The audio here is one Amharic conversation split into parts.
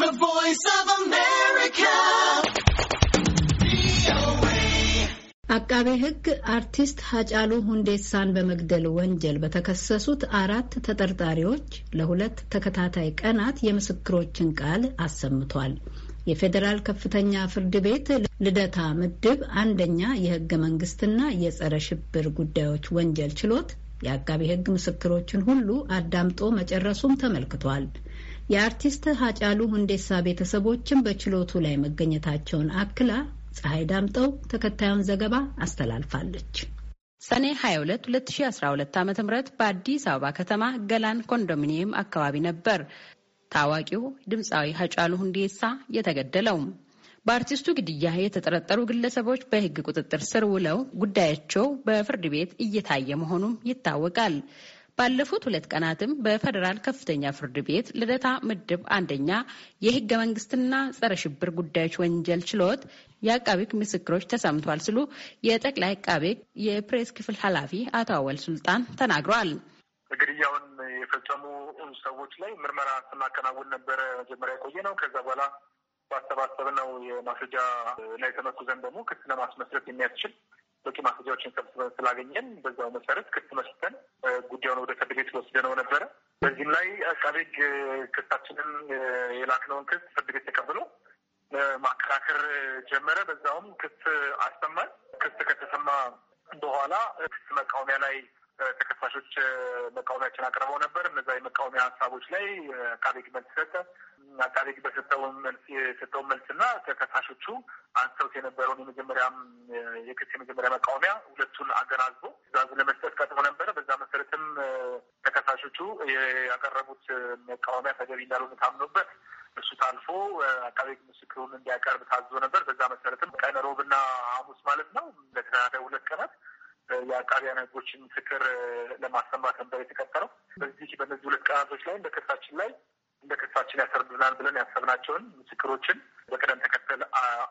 The Voice of America. አቃቤ ሕግ አርቲስት ሀጫሉ ሁንዴሳን በመግደል ወንጀል በተከሰሱት አራት ተጠርጣሪዎች ለሁለት ተከታታይ ቀናት የምስክሮችን ቃል አሰምቷል። የፌዴራል ከፍተኛ ፍርድ ቤት ልደታ ምድብ አንደኛ የህገ መንግስትና የጸረ ሽብር ጉዳዮች ወንጀል ችሎት የአቃቤ ሕግ ምስክሮችን ሁሉ አዳምጦ መጨረሱም ተመልክቷል። የአርቲስት ሀጫሉ ሁንዴሳ ቤተሰቦችም በችሎቱ ላይ መገኘታቸውን አክላ ፀሐይ ዳምጠው ተከታዩን ዘገባ አስተላልፋለች። ሰኔ 22 2012 ዓ ም በአዲስ አበባ ከተማ ገላን ኮንዶሚኒየም አካባቢ ነበር ታዋቂው ድምፃዊ ሀጫሉ ሁንዴሳ የተገደለውም። በአርቲስቱ ግድያ የተጠረጠሩ ግለሰቦች በሕግ ቁጥጥር ስር ውለው ጉዳያቸው በፍርድ ቤት እየታየ መሆኑም ይታወቃል። ባለፉት ሁለት ቀናትም በፌዴራል ከፍተኛ ፍርድ ቤት ልደታ ምድብ አንደኛ የህገ መንግስትና ጸረ ሽብር ጉዳዮች ወንጀል ችሎት የአቃቤ ህግ ምስክሮች ተሰምቷል ሲሉ የጠቅላይ አቃቤ ህግ የፕሬስ ክፍል ኃላፊ አቶ አወል ሱልጣን ተናግረዋል። ግድያውን የፈጸሙ ሰዎች ላይ ምርመራ ስናከናውን ነበረ መጀመሪያ የቆየ ነው። ከዛ በኋላ ባሰባሰብ ነው የማስረጃ ላይ ተመርኩዘን ደግሞ ክስ ለማስመስረት የሚያስችል በቂ ማስረጃዎችን ሰብስበን ስላገኘን በዛው መሰረት ክስ መስተን ጉዳዩን ወደ ፍርድ ቤት ወስደ ነው ነበረ። በዚህም ላይ አቃቤ ሕግ ክሳችንን የላክነውን ክስ ፍርድ ቤት ተቀብሎ ማከራከር ጀመረ። በዛውም ክስ አሰማን። ክስ ከተሰማ በኋላ ክስ መቃወሚያ ላይ ተከሳሾች መቃወሚያችን አቅርበው ነበር። እነዛ የመቃወሚያ ሀሳቦች ላይ አቃቤ ሕግ መልስ ሰጠ። አቃቤ ሕግ በሰጠውን መልስ የሰጠውን መልስና ተከሳሾቹ አንስተውት የነበረውን የመጀመሪያም የክስ የመጀመሪያ መቃወሚያ ሁለቱን አገናዝቦ ትዕዛዝ ለመስጠት ቀጥሮ ነበረ። በዛ መሰረትም ተከሳሾቹ ያቀረቡት መቃወሚያ ተገቢ እንዳልሆነ ታምኖበት እሱ ታልፎ አቃቤ ምስክሩን እንዲያቀርብ ታዞ ነበር። በዛ መሰረትም ቀን ሮብና ሐሙስ ማለት ነው ለተናዳይ ሁለት ቀናት የአቃቢያን ሕጎችን ምስክር ለማሰማት ነበር የተቀጠረው። በዚህ በእነዚህ ሁለት ቀናቶች ላይም በክሳችን ላይ በክሳችን ያሰርብናል ብለን ያሰብናቸውን ምስክሮችን በቅደም ተከተል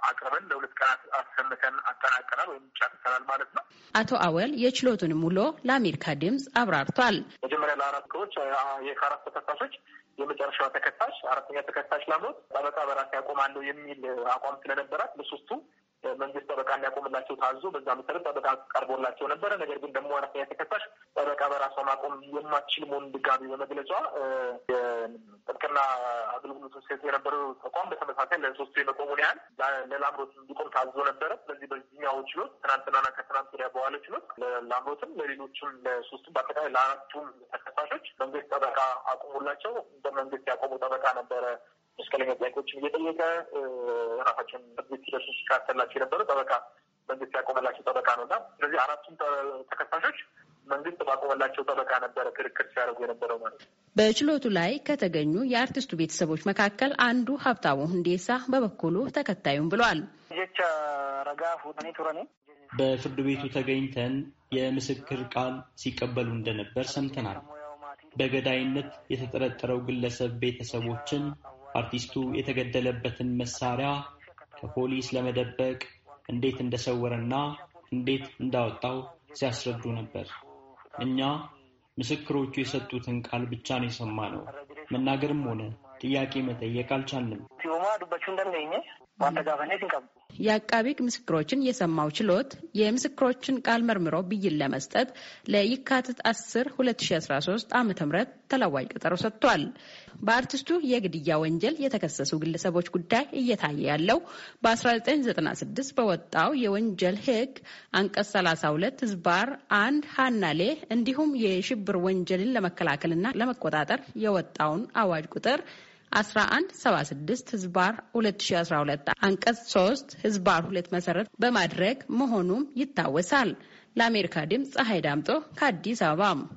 አቅርበን ለሁለት ቀናት አሰምተን አጠናቀናል ወይም ጨርሰናል ማለት ነው። አቶ አወል የችሎቱን ውሎ ለአሜሪካ ድምፅ አብራርቷል። መጀመሪያ ለአራት ክሮች ከአራት ተከሳሾች የመጨረሻዋ ተከሳሽ አራተኛ ተከሳሽ ላሞት ጠበቃ በራሴ አቆማለሁ የሚል አቋም ስለነበራት በሶስቱ መንግስት ጠበቃ እንዲያቆምላቸው ታዞ በዛ መሰረት ጠበቃ ቀርቦላቸው ነበረ። ነገር ግን ደግሞ አነስተኛ ተከሳሽ ጠበቃ በራሷ ማቆም የማትችል መሆኑን ድጋሚ በመግለጿ የጥብቅና አገልግሎቱን ሴት የነበረው ተቋም በተመሳሳይ ለሶስቱ የመቆሙን ያህል ለላምሮት እንዲቆም ታዞ ነበረ። ስለዚህ በዚህኛው ችሎት ትናንትናና ከትናንት ወዲያ በኋለ ችሎት ለላምሮትም፣ ለሌሎችም፣ ለሶስቱም በአጠቃላይ ለአራቱም ተከሳሾች መንግስት ጠበቃ አቁሙላቸው በመንግስት ያቆሙ ጠበቃ ነበረ መስቀለኛ ጥያቄዎችን እየጠየቀ ራሳቸውን እግት ሲደርሱ ሲካተላቸው የነበረ ጠበቃ መንግስት ያቆመላቸው ጠበቃ ነው እና ስለዚህ አራቱም ተከሳሾች መንግስት ባቆመላቸው ጠበቃ ነበረ ክርክር ሲያደርጉ የነበረው ማለት ነው። በችሎቱ ላይ ከተገኙ የአርቲስቱ ቤተሰቦች መካከል አንዱ ሀብታሙ ሁንዴሳ በበኩሉ ተከታዩም ብሏል። በፍርድ ቤቱ ተገኝተን የምስክር ቃል ሲቀበሉ እንደነበር ሰምተናል። በገዳይነት የተጠረጠረው ግለሰብ ቤተሰቦችን አርቲስቱ የተገደለበትን መሳሪያ ከፖሊስ ለመደበቅ እንዴት እንደሰወረና እንዴት እንዳወጣው ሲያስረዱ ነበር። እኛ ምስክሮቹ የሰጡትን ቃል ብቻ ነው የሰማነው። መናገርም ሆነ ጥያቄ መጠየቅ አልቻልንም። የአቃቢ ሕግ ምስክሮችን የሰማው ችሎት የምስክሮችን ቃል መርምሮ ብይን ለመስጠት ለየካቲት አስር ሁለት ሺ አስራ ሶስት ተለዋጭ ቀጠሮ ሰጥቷል። በአርቲስቱ የግድያ ወንጀል የተከሰሱ ግለሰቦች ጉዳይ እየታየ ያለው በ1996 በወጣው የወንጀል ሕግ አንቀጽ 32 ህዝባር አንድ ሀናሌ እንዲሁም የሽብር ወንጀልን ለመከላከልና ለመቆጣጠር የወጣውን አዋጅ ቁጥር 1176 ህዝባር 2012 አንቀጽ 3 ህዝባር 2 መሰረት በማድረግ መሆኑም ይታወሳል። ለአሜሪካ ድምፅ ፀሐይ ዳምጦ ከአዲስ አበባ